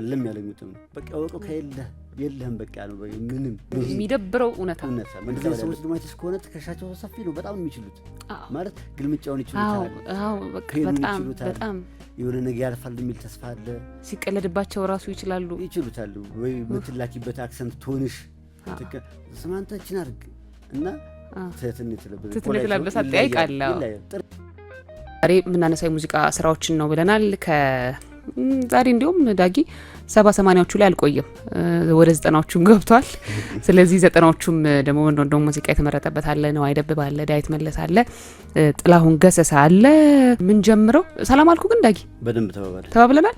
እልም ያለኙትም ነው በቃ ወቀው ከየለ የለህም በቃ ነው ምንም የሚደብረው እውነታ እውነታ መንደኛ ሰዎች ድማይቲስ ከሆነ ትከሻቸው ሰፊ ነው በጣም የሚችሉት ማለት ግልምጫውን ይችሉታል። የሆነ ነገ ያልፋል የሚል ተስፋ አለ። ሲቀለድባቸው ራሱ ይችላሉ ይችሉታሉ ወይ ምትላኪበት አክሰንት ቶንሽ ስማንተችን አርግ እና ትህትን የተለበሰ ጠያይቃለሁ። ዛሬ የምናነሳ የሙዚቃ ስራዎችን ነው ብለናል። ከ ዛሬ እንዲሁም ዳጊ ሰባ ሰማኒያዎቹ ላይ አልቆየም፣ ወደ ዘጠናዎቹም ገብቷል። ስለዚህ ዘጠናዎቹም ደግሞ ወንዶ ሙዚቃ የተመረጠበት አለ፣ ነው አይደብብ አለ፣ ዳዊት መለስ አለ፣ ጥላሁን ገሰሰ አለ። ምን ጀምረው ሰላም አልኩ ግን ዳጊ በደንብ ተባባል ተባብለናል።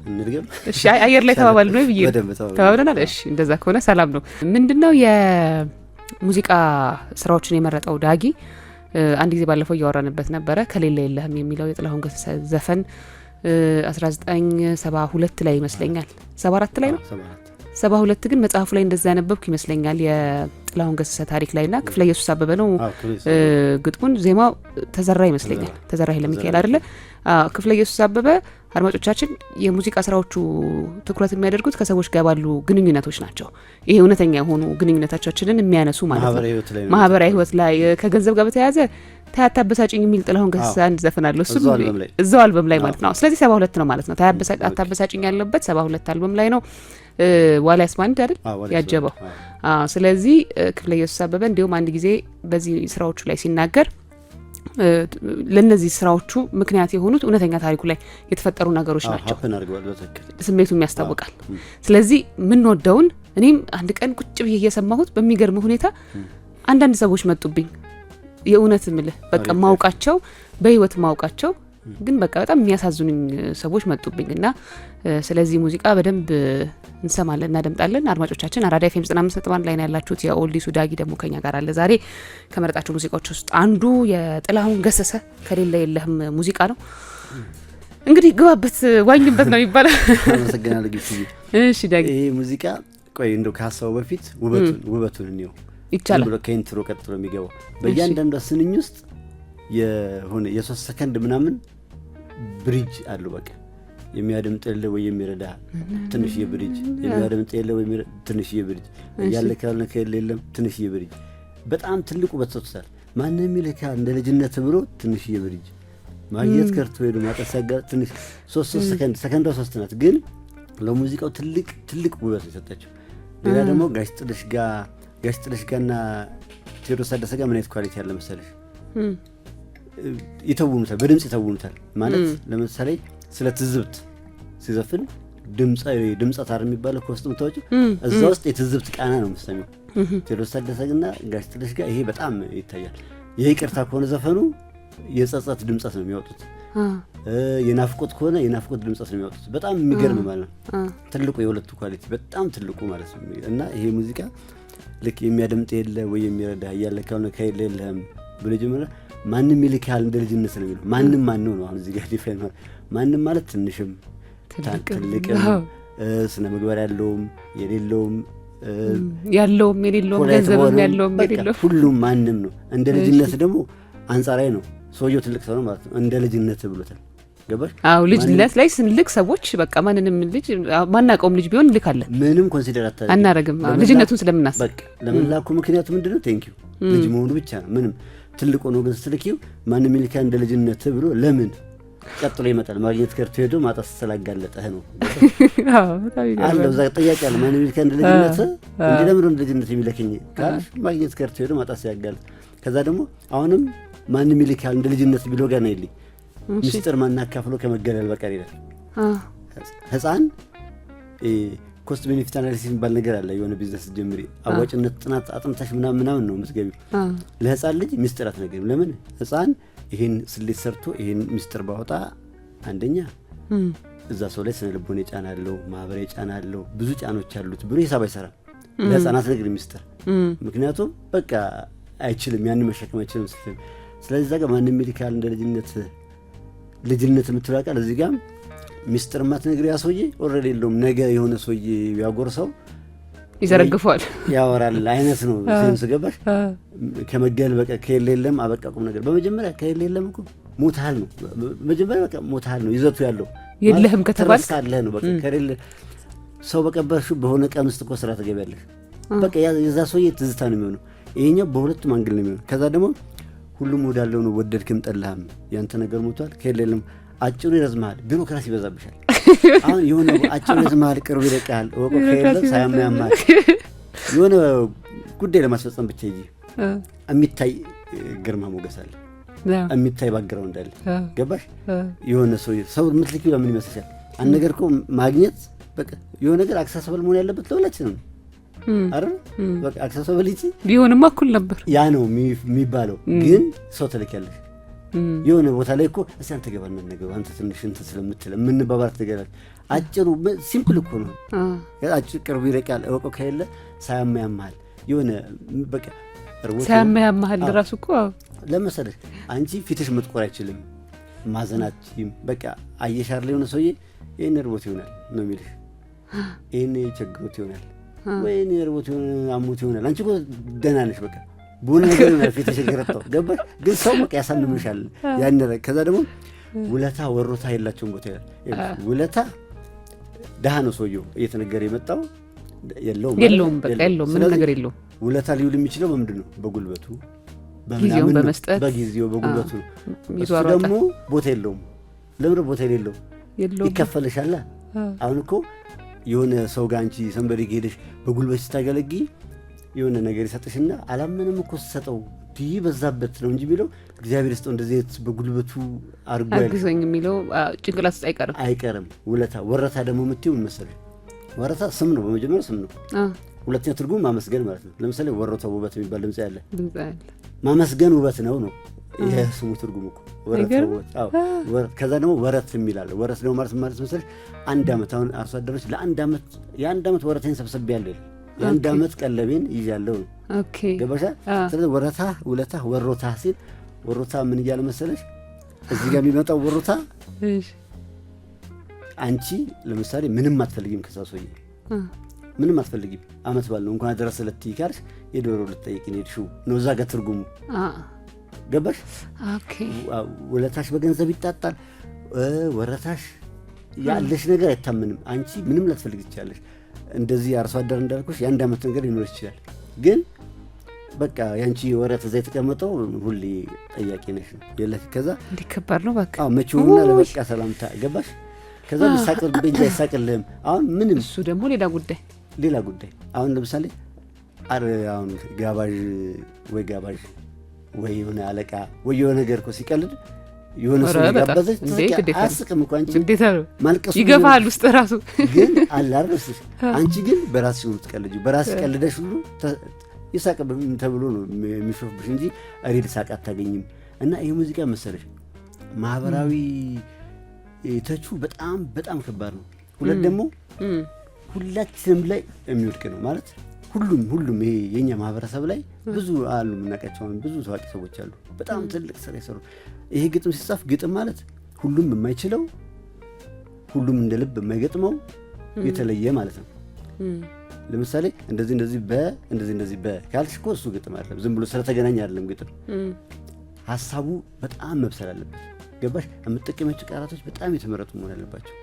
እሺ አየር ላይ ተባባል ነው ብዬ ተባብለናል። እሺ እንደዛ ከሆነ ሰላም ነው። ነው የሙዚቃ ስራዎችን የመረጠው ዳጊ? አንድ ጊዜ ባለፈው እያወራንበት ነበረ ከሌለ የለህም የሚለው የጥላሁን ገሰሰ ዘፈን 1972 ላይ ይመስለኛል 74 ላይ ነው 72 ግን መጽሐፉ ላይ እንደዛ ያነበብኩ ይመስለኛል የጥላሁን ገሰሰ ታሪክ ላይ ና ክፍለ ኢየሱስ አበበ ነው ግጥሙን ዜማው ተዘራ ይመስለኛል ተዘራ ኃይለሚካኤል አደለ ክፍለ ኢየሱስ አበበ አድማጮቻችን የሙዚቃ ስራዎቹ ትኩረት የሚያደርጉት ከሰዎች ጋር ባሉ ግንኙነቶች ናቸው ይሄ እውነተኛ የሆኑ ግንኙነቶቻችንን የሚያነሱ ማለት ነው ማህበራዊ ህይወት ላይ ከገንዘብ ጋር በተያያዘ ታያታበሳጭኝ የሚል ጥላሁን ገሰሰ አንድ ዘፈን አለው። እሱ እዛው አልበም ላይ ማለት ነው። ስለዚህ ሰባ ሁለት ነው ማለት ነው። ታያታበሳጭኝ ያለበት ሰባ ሁለት አልበም ላይ ነው። ዋሊ አስማንድ አይደል ያጀበው። ስለዚህ ክፍለ ኢየሱስ አበበ እንዲሁም አንድ ጊዜ በዚህ ስራዎቹ ላይ ሲናገር ለእነዚህ ስራዎቹ ምክንያት የሆኑት እውነተኛ ታሪኩ ላይ የተፈጠሩ ነገሮች ናቸው። ስሜቱም ያስታውቃል። ስለዚህ የምንወደውን እኔም አንድ ቀን ቁጭ ብዬ እየሰማሁት በሚገርም ሁኔታ አንዳንድ ሰዎች መጡብኝ የእውነት ምልህ በቃ ማውቃቸው በህይወት ማውቃቸው ግን በቃ በጣም የሚያሳዝኑኝ ሰዎች መጡብኝ እና ስለዚህ ሙዚቃ በደንብ እንሰማለን፣ እናደምጣለን። አድማጮቻችን አራዳ ፌም ዘጠና አምስት ነጥብ አንድ ላይ ነው ያላችሁት። የኦልዲሱ ዳጊ ደግሞ ከኛ ጋር አለ። ዛሬ ከመረጣቸው ሙዚቃዎች ውስጥ አንዱ የጥላሁን ገሰሰ ከሌለ የለህም ሙዚቃ ነው። እንግዲህ ግባበት፣ ዋኝበት ነው የሚባለው። አመሰግናለሁ። እሺ ዳጊ፣ ሙዚቃ ቆይ እንደው ከሀሳቡ በፊት ውበቱን ውበቱን እንየው ይቻላል። ከኢንትሮ ቀጥሎ የሚገባው በእያንዳንዷ ስንኝ ውስጥ የሆነ የሶስት ሰከንድ ምናምን ብሪጅ አለው። በቃ የሚያደምጥ የለ ወይ የሚረዳ ትንሽ የብሪጅ የሚያደምጥ የለ ወይ ትንሽ የብሪጅ እያለ ካልነ ከየለ የለም ትንሽ የብሪጅ በጣም ትልቁ በተሰጥቷል። ማንም ይልካ እንደ ልጅነት ብሎ ትንሽ የብሪጅ ማግኘት ከርቶ ሄዶ ማጠሳጋ ትንሽ ሶስት ሶስት ሰከንድ ሰከንዷ ሶስት ናት፣ ግን ለሙዚቃው ትልቅ ትልቅ ውበት የሰጠችው ሌላ ደግሞ ጋሽ ጥልሽ ጋር ጋሽ ጥለሽ ጋና ቴዎድሮስ ታደሰ ጋር ምን አይነት ኳሊቲ ያለ መሰለሽ? ይተውኑታል፣ በድምፅ ይተውኑታል። ማለት ለምሳሌ ስለ ትዝብት ሲዘፍን ድምፀ ታር የሚባለው ከውስጥ ምታወጭ እዛ ውስጥ የትዝብት ቃና ነው የምትሰሚው። ቴዎድሮስ ታደሰ ግና ጋሽ ጥለሽ ጋር ይሄ በጣም ይታያል። ይህ ቅርታ ከሆነ ዘፈኑ የጸጸት ድምፀት ነው የሚያወጡት። የናፍቆት ከሆነ የናፍቆት ድምፀት ነው የሚያወጡት። በጣም የሚገርም ማለት ነው። ትልቁ የሁለቱ ኳሊቲ በጣም ትልቁ ማለት ነው እና ይሄ ሙዚቃ ልክ የሚያደምጥ የለ ወይ የሚረዳ እያለ ከሆነ ከሌለ የለህም ብሎ ጀመረ። ማንም ይልክሃል እንደ ልጅነት ነው የሚለው ማንም ማነው ነው አሁን እዚህ ጋር ማንም ማለት ትንሽም ትልቅም ስነ ምግባር ያለውም የሌለውም ያለውም የሌለውም ገንዘብም ያለውም የሌለው ሁሉም ማንም ነው። እንደ ልጅነት ደግሞ አንጻራዊ ነው። ሰውየው ትልቅ ሰው ነው ማለት ነው። እንደ ልጅነት ብሎታል። ገባሽ? አዎ ልጅ ላይ ስንልክ ሰዎች በቃ ማንንም ልጅ ማናቀውም ልጅ ቢሆን እንልካለን። ምንም ኮንሲደር አታ አናረግም። ልጅነቱን ስለምናስ በቃ ለመላኩ ምክንያቱ ምንድነው? ቴንኪዩ ልጅ መሆኑ ብቻ ነው። ምንም ትልቁ ነው ግን ስትልኪው ማንም ይልካ እንደ ልጅነት ብሎ ለምን ቀጥሎ ይመጣል። ማግኘት ከርቶ ሄዶ ማጣት ስላጋለጠህ ነው አለው። እዛ ጠያቂ አለ። ማንም ይልካ እንደ ልጅነት እንጂ ለምን እንደ ልጅነት የሚለክኝ ካልሽ ማግኘት ከርቶ ሄዶ ማጣት ሲያጋለጥ ከዛ ደግሞ አሁንም ማንም ይልካል እንደ ልጅነት ቢሎጋ ነው ይልኝ ምስጢር ማናካፍሎ ከመገለል በቀር ይላል። ህፃን ኮስት ቤኔፊት አናሊሲስ የሚባል ነገር አለ። የሆነ ቢዝነስ ጀምሪ አዋጭነት ጥናት አጥንታሽ ምናምን ምናምን ነው የምትገቢው። ለህፃን ልጅ ምስጢር አትነግሪም። ለምን ህፃን ይህን ስሌት ሰርቶ ይህን ምስጢር ባወጣ አንደኛ እዛ ሰው ላይ ስነ ልቦና ጫና አለው፣ ማህበራዊ ጫና አለው፣ ብዙ ጫኖች አሉት ብሎ ሂሳብ አይሰራም። ለህፃናት ነግር ምስጢር፣ ምክንያቱም በቃ አይችልም፣ ያን መሸከም አይችልም። ስለዚህ እዛ ጋር ማንም ሜዲካል እንደ ልጅነት ልጅነት የምትላቃል እዚህ ጋም ሚስጥር ማትነግር ያ ሰውዬ ኦልሬዲ የለውም። ነገ የሆነ ሰውዬ ያጎርሰው ይዘረግፏል፣ ያወራል አይነት ነው። ሴንስ ገባሽ? ከመገል በቃ ከየለ የለም አበቃ ነገር። በመጀመሪያ ከየለ የለም እኮ ሞታል ነው። መጀመሪያ በቃ ሞታል ነው ይዘቱ ያለው የለህም ከተባል ትረሳለህ ነው። በቃ ከሌለ ሰው በቀበርሹ በሆነ ቀን ውስጥ እኮ ስራ ትገቢያለሽ። በቃ የዛ ሰውዬ ትዝታ ነው የሚሆነው። ይሄኛው በሁለቱም አንግል ነው የሚሆነው። ከዛ ደግሞ ሁሉም ወዳለው ነው። ወደድክም ጠላህም ያንተ ነገር ሞቷል። ከሌለም አጭሩ ይረዝምሃል፣ ቢሮክራሲ ይበዛብሻል። አሁን የሆነ አጭሩ ይረዝምሃል፣ ቅርቡ ይለቃል ወቆ ከሌለ ሳያማ ሳያማያማል የሆነ ጉዳይ ለማስፈጸም ብቻ እንጂ የሚታይ ግርማ ሞገስ አለ፣ የሚታይ ባግረው እንዳለ ገባሽ? የሆነ ሰው ሰው ምትልኪ ለምን ይመስሻል አንድ ነገር እኮ ማግኘት በቃ የሆነ ነገር አክሳሰበል መሆን ያለበት ለሁላችንም አይደል? በቃ አክሰሰብሊቲ ቢሆንማ እኩል ነበር። ያ ነው የሚባለው። ግን ሰው ትልኪያለሽ የሆነ ቦታ ላይ እኮ እስቲ አንተ ገባ እናነገባ አንተ ትንሽ እንትን ስለምትል የምንባባል ትገላል። አጭሩ ሲምፕል እኮ ነው። አጭር ቅርቡ ይረቃል። እወቀው ከሌለ ሳያማ ያመሃል። የሆነ በቃ ሳያማ ያመሃል። ራሱ እኮ ለመሰለሽ አንቺ ፊትሽ መጥቆር አይችልም፣ ማዘናችም በቃ አየሻር ላይ የሆነ ሰውዬ ይህን እርቦት ይሆናል ነው የሚልሽ፣ ይህን የቸግሮት ይሆናል ወይ እርቦት ሆነ አሞት ይሆናል። አንቺ እኮ ደህና ነሽ፣ በቃ በሆነ ነገር ይሆናል ፊትሽ የገረጣው ገባሽ። ግን ሰው በቃ ያሳንምሻል። ያንረ ከዛ ደግሞ ውለታ ወሮታ የላቸውን ቦታ ይላል። ውለታ ድሃ ነው ሰውየው እየተነገረ የመጣው የለውም የለውም በቃ የለውም ምንም ነገር የለውም። ውለታ ሊውል የሚችለው በምንድን ነው? በጉልበቱ ጊዜውን በመስጠት በጊዜው በጉልበቱ ነው። እሱ ደግሞ ቦታ የለውም። ለምንድን ቦታ የሌለው ይከፈልሻላ አሁን እኮ የሆነ ሰው ጋር አንቺ ሰንበሪ ሄደሽ በጉልበት ስታገለጊ የሆነ ነገር ይሰጥሽና አላመንም እኮ ስሰጠው ትይ በዛበት ነው እንጂ የሚለው እግዚአብሔር ስጠው እንደዚህ በጉልበቱ አርጎግዞኝ የሚለው ጭንቅላት ውስጥ አይቀርም አይቀርም። ውለታ ወረታ ደግሞ የምትይው ምን ወረታ ስም ነው፣ በመጀመሪያ ስም ነው። ሁለተኛ ትርጉም ማመስገን ማለት ነው። ለምሳሌ ወረታ ውበት የሚባል ድምፅ ያለ ማመስገን ውበት ነው ነው ይሄ ስሙ ትርጉም እኮ ወረት ከዛ ደግሞ ወረት የሚላለ ወረት ደግሞ ማለት ማለት አንድ ዓመት አሁን አርሶ አደሮች ለአንድ ዓመት የአንድ ዓመት ወረቴን ሰብስቤ ያለ የአንድ ዓመት ቀለቤን ይዣለሁ ነው ገባሻ። ስለዚህ ወረታ ውለታ ወሮታ ሲል ወሮታ ምን እያለ መሰለሽ እዚህ ጋር የሚመጣው ወሮታ አንቺ ለምሳሌ ምንም አትፈልጊም ከዛ ሰውዬ ምንም አትፈልጊም። አመት ባለው እንኳን አደረሰ ልትይ ካልሽ የዶሮ ልትጠይቅ ሄድሽው ነው እዛ ጋር ትርጉሙ ገባሽ? ውለታሽ በገንዘብ ይጣጣል። ወረታሽ ያለሽ ነገር አይታምንም። አንቺ ምንም ላትፈልግ ትችላለሽ። እንደዚህ አርሶ አደር እንዳልኩሽ የአንድ ዓመት ነገር ሊኖር ይችላል። ግን በቃ የአንቺ ወረት እዛ የተቀመጠው ሁሌ ጠያቂ ነሽ ነው የለት ከዛ እንዲከባድ ነው በቃ መቼውና ለበቃ ሰላምታ ገባሽ? ከዛ ሊሳቅልብኝ አይሳቅልህም። አሁን ምንም እሱ ደግሞ ሌላ ጉዳይ ሌላ ጉዳይ። አሁን ለምሳሌ አሁን ጋባዥ ወይ ጋባዥ ወይ የሆነ አለቃ ወይ የሆነ ነገር እኮ ሲቀልድ የሆነ ሰው ጋበዘች አስቅም እኮ አንቺ ማልቀሱ ይገፋል ውስጥ ራሱ ግን አላር አንቺ ግን በራስሽ ነው የምትቀልጂው። በራስሽ ቀልደሽ ሁሉ የሳቅብም ተብሎ ነው የሚሾፍብሽ እንጂ ሪል ሳቅ አታገኝም። እና ይህ ሙዚቃ መሰለሽ ማህበራዊ ተቹ በጣም በጣም ከባድ ነው። ሁለት ደግሞ ሁላችንም ላይ የሚወድቅ ነው ማለት ሁሉም ሁሉም ይሄ የኛ ማህበረሰብ ላይ ብዙ አሉ የምናውቃቸው ብዙ ታዋቂ ሰዎች አሉ፣ በጣም ትልቅ ስራ የሰሩ። ይሄ ግጥም ሲጻፍ ግጥም ማለት ሁሉም የማይችለው ሁሉም እንደ ልብ የማይገጥመው የተለየ ማለት ነው። ለምሳሌ እንደዚህ እንደዚህ በ እንደዚህ እንደዚህ በ ካልሽ እኮ እሱ ግጥም አይደለም፣ ዝም ብሎ ስለተገናኝ አይደለም ግጥም። ሀሳቡ በጣም መብሰል አለበት። ገባሽ? የምጠቀሚያቸው ቃላቶች በጣም የተመረጡ መሆን አለባቸው።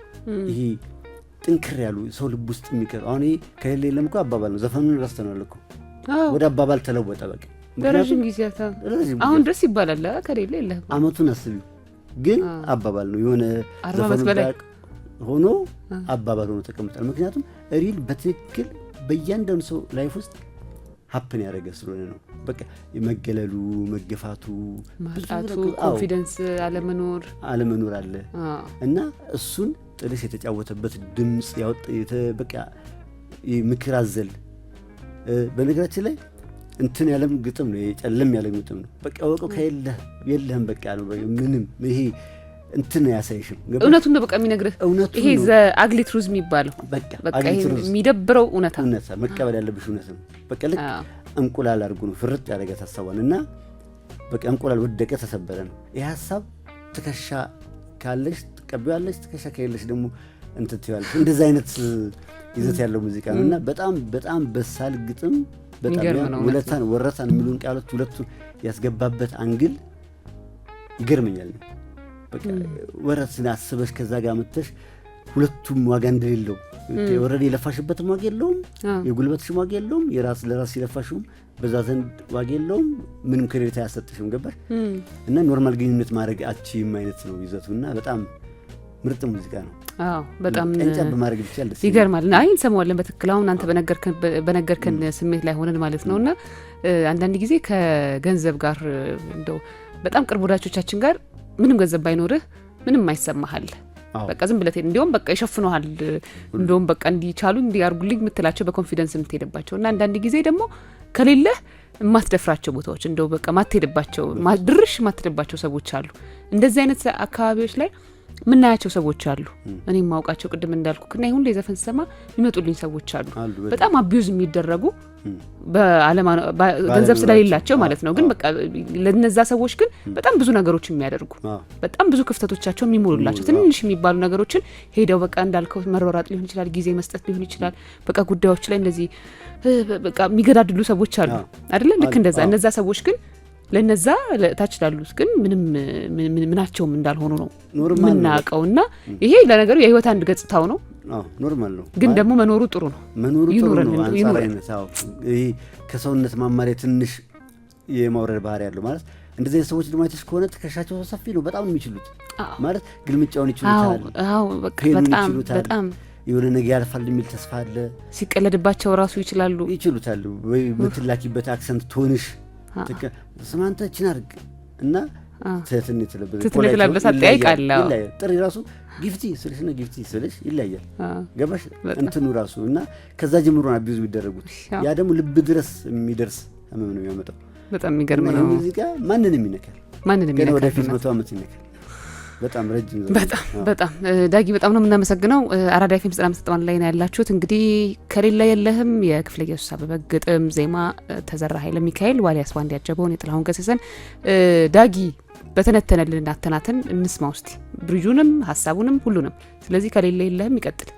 ይሄ ጥንክር ያሉ ሰው ልብ ውስጥ የሚቀር አሁን ይሄ ከሌለ የለም እኮ አባባል ነው። ዘፈኑን ረስተናል እኮ ወደ አባባል ተለወጠ። በቃ ለረዥም ጊዜ አሁን ድረስ ይባላል። ከሌለ አመቱን አስቢ። ግን አባባል ነው የሆነ ሆኖ አባባል ሆኖ ተቀምጧል። ምክንያቱም ሪል በትክክል በእያንዳንዱ ሰው ላይፍ ውስጥ ሀፕን ያደረገ ስለሆነ ነው። በቃ የመገለሉ መገፋቱ፣ ማጣቱ፣ ኮንፊደንስ አለመኖር አለመኖር አለ እና እሱን ጥልስ የተጫወተበት ድምፅ በቃ ምክር አዘል በነገራችን ላይ እንትን ያለም ግጥም ነው፣ ጨለም ያለ ግጥም ነው። በቃ ወቀው ከየለህ የለህም በቃ ነው። ምንም ይሄ እንትን ያሳይሽም እውነቱን ነው በቃ የሚነግርህ ይሄ ዘ አግሊ ትሩዝ የሚባለው በቃ የሚደብረው እውነታ እውነታ መቀበል ያለብሽ እውነት ነው። በቃ ልክ እንቁላል አድርጎ ነው ፍርጥ ያደረገ ታሰቧን እና በቃ እንቁላል ወደቀ ተሰበረ ነው ይህ ሀሳብ ትከሻ ካለሽ ትቀበያለች፣ ትከሻከያለች ደግሞ እንትን እንደዚህ አይነት ይዘት ያለው ሙዚቃ ነው እና በጣም በጣም በሳል ግጥም፣ ውለታን ወረታን የሚሉን ቃሎች ሁለቱ ያስገባበት አንግል ይገርመኛል። ወረትን አስበሽ ከዛ ጋር መተሽ ሁለቱም ዋጋ እንደሌለው ወረድ የለፋሽበትም ዋጋ የለውም፣ የጉልበትሽም ዋጋ የለውም፣ የራስ ለራስ የለፋሽውም በዛ ዘንድ ዋጋ የለውም። ምንም ክሬዲት አያሰጥሽም። ገባሽ እና ኖርማል ግንኙነት ማድረግ አችም አይነት ነው ይዘቱ እና በጣም ምርጥ ሙዚቃ ነው። በጣም ማድረግ ብቻ ይገርማል። አይ እንሰማዋለን በትክክል አሁን አንተ በነገርከን ስሜት ላይ ሆነን ማለት ነው። እና አንዳንድ ጊዜ ከገንዘብ ጋር እንደው በጣም ቅርብ ወዳጆቻችን ጋር ምንም ገንዘብ ባይኖርህ ምንም አይሰማሃል። በቃ ዝም ብለት እንዲሁም በቃ ይሸፍነሃል። እንደውም በቃ እንዲቻሉ እንዲያርጉልኝ የምትላቸው በኮንፊደንስ የምትሄድባቸው እና አንዳንድ ጊዜ ደግሞ ከሌለህ የማትደፍራቸው ቦታዎች እንደው በቃ ማትሄድባቸው ድርሽ የማትሄድባቸው ሰዎች አሉ። እንደዚህ አይነት አካባቢዎች ላይ የምናያቸው ሰዎች አሉ። እኔ የማውቃቸው ቅድም እንዳልኩ እና ይሁን የዘፈን ስሰማ የሚመጡልኝ ሰዎች አሉ። በጣም አቢዩዝ የሚደረጉ ገንዘብ ስለሌላቸው ማለት ነው። ግን በቃ ለነዛ ሰዎች ግን በጣም ብዙ ነገሮች የሚያደርጉ በጣም ብዙ ክፍተቶቻቸው የሚሞሉላቸው ትንሽ የሚባሉ ነገሮችን ሄደው በቃ እንዳልከው መሯሯጥ ሊሆን ይችላል፣ ጊዜ መስጠት ሊሆን ይችላል። በቃ ጉዳዮች ላይ እንደዚህ በቃ የሚገዳድሉ ሰዎች አሉ አይደለ? ልክ እንደዛ እነዛ ሰዎች ግን ለነዛ ታች ላሉት ግን ምንም ምናቸውም እንዳልሆኑ ነው የምናውቀው። እና ይሄ ለነገሩ የህይወት አንድ ገጽታው ነው፣ ኖርማል ነው። ግን ደግሞ መኖሩ ጥሩ ነው፣ መኖሩ ጥሩ ነው። ከሰውነት ማማሪያ ትንሽ የማውረድ ባህሪ ያለው ማለት እንደዚህ ሰዎች ልማቶች ከሆነ ትከሻቸው ሰፊ ነው፣ በጣም ነው የሚችሉት ማለት ግልምጫውን ይችሉታል፣ የሆነ ነገ ያልፋል የሚል ተስፋ አለ። ሲቀለድባቸው ራሱ ይችላሉ፣ ይችሉታል። ወይ ምትላኪበት አክሰንት ቶንሽ ስማንተ ችን አርግ እና ትህትን የተለበሰ ጠይቃለሁ ጥሪ ራሱ ጊፍቲ ስልሽ ነው ጊፍቲ ስልሽ ይለያል። ገባሽ እንትኑ ራሱ እና ከዛ ጀምሮ አቢዙ የሚደረጉት ያ ደግሞ ልብ ድረስ የሚደርስ ህመም ነው የሚያመጣው። በጣም የሚገርም ነው። ሙዚቃ ማንንም ይነካል፣ ማንንም ይነካል። ወደፊት መቶ ዓመት ይነካል። በጣም ረጅም በጣም በጣም ዳጊ በጣም ነው የምናመሰግነው። አራዳ ፌም ስጠና መሰጠማን ላይ ነው ያላችሁት። እንግዲህ ከሌላ የለህም የክፍለ ኢየሱስ አበበ ግጥም ዜማ ተዘራ ኃይለ ሚካኤል ዋልያስ ባንድ ያጀበውን የጥላሁን ገሰሰን ዳጊ በተነተነልን እናተናትን እንስማ ውስቲ ብርዩንም ሀሳቡንም ሁሉንም። ስለዚህ ከሌላ የለህም ይቀጥል።